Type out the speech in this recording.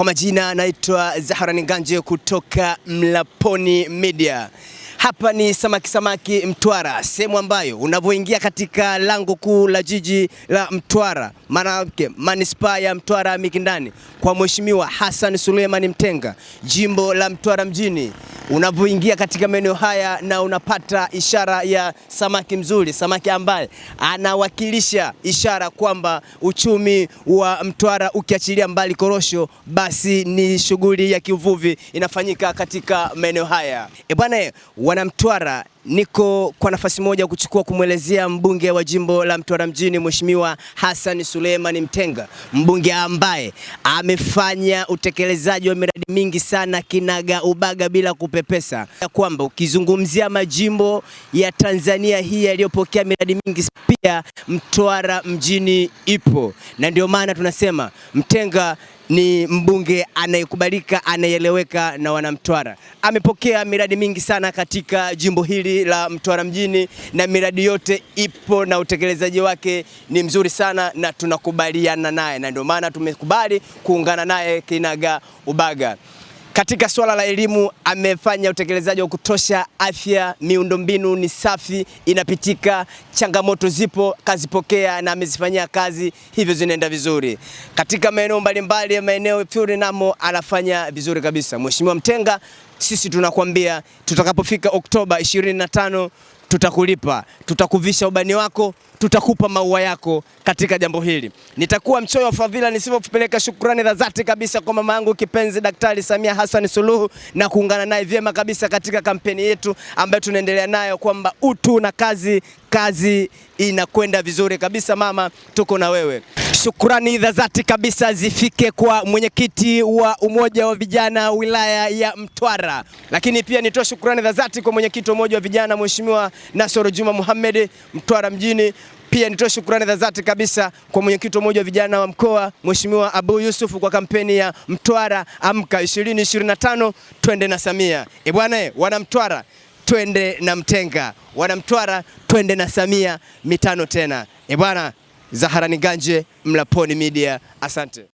Kwa majina naitwa Zahara Nganje kutoka Mlaponi Media. Hapa ni Samaki Samaki Mtwara, sehemu ambayo unavyoingia katika lango kuu la jiji la Mtwara, manake manispaa ya Mtwara Mikindani, kwa Mheshimiwa Hassan Suleiman Mtenga, jimbo la Mtwara mjini Unapoingia katika maeneo haya na unapata ishara ya samaki mzuri, samaki ambaye anawakilisha ishara kwamba uchumi wa Mtwara ukiachilia mbali korosho, basi ni shughuli ya kiuvuvi inafanyika katika maeneo haya. E bwana, wana Mtwara Niko kwa nafasi moja kuchukua kumwelezea mbunge wa jimbo la Mtwara mjini Mheshimiwa Hassan Suleiman Mtenga, mbunge ambaye amefanya utekelezaji wa miradi mingi sana kinaga ubaga bila kupepesa, ya kwamba ukizungumzia majimbo ya Tanzania hii yaliyopokea miradi mingi, pia Mtwara mjini ipo, na ndio maana tunasema Mtenga ni mbunge anayekubalika, anayeeleweka na wanamtwara. Amepokea miradi mingi sana katika jimbo hili la Mtwara mjini, na miradi yote ipo na utekelezaji wake ni mzuri sana, na tunakubaliana naye, na ndio maana tumekubali kuungana naye kinaga ubaga. Katika suala la elimu amefanya utekelezaji wa kutosha. Afya, miundombinu ni safi, inapitika, changamoto zipo, kazipokea na amezifanyia kazi, hivyo zinaenda vizuri. Katika maeneo mbalimbali ya maeneo Fyuri namo anafanya vizuri kabisa. Mheshimiwa Mtenga, sisi tunakwambia tutakapofika Oktoba 25 tutakulipa, tutakuvisha ubani wako, tutakupa maua yako katika jambo hili. Nitakuwa mchoyo wa fadhila nisipopeleka shukrani za dhati kabisa kwa mama yangu kipenzi Daktari Samia Hassan Suluhu na kuungana naye vyema kabisa katika kampeni yetu ambayo tunaendelea nayo kwamba utu na kazi kazi inakwenda vizuri kabisa. Mama, tuko na wewe. Shukrani za dhati kabisa zifike kwa mwenyekiti wa umoja wa vijana wilaya ya Mtwara, lakini pia nitoa shukrani za dhati kwa mwenyekiti wa umoja wa vijana Mheshimiwa Nasoro Juma Muhammad Mtwara mjini. Pia nitoe shukrani za dhati kabisa kwa mwenyekiti wa umoja wa vijana wa mkoa Mheshimiwa Abu Yusuf kwa kampeni ya Mtwara Amka 2025 twende na Samia. E bwana, e, wana Mtwara twende na Mtenga, wanamtwara twende na Samia, mitano tena. E bwana, Zahara Niganje, Mlaponi Media, asante.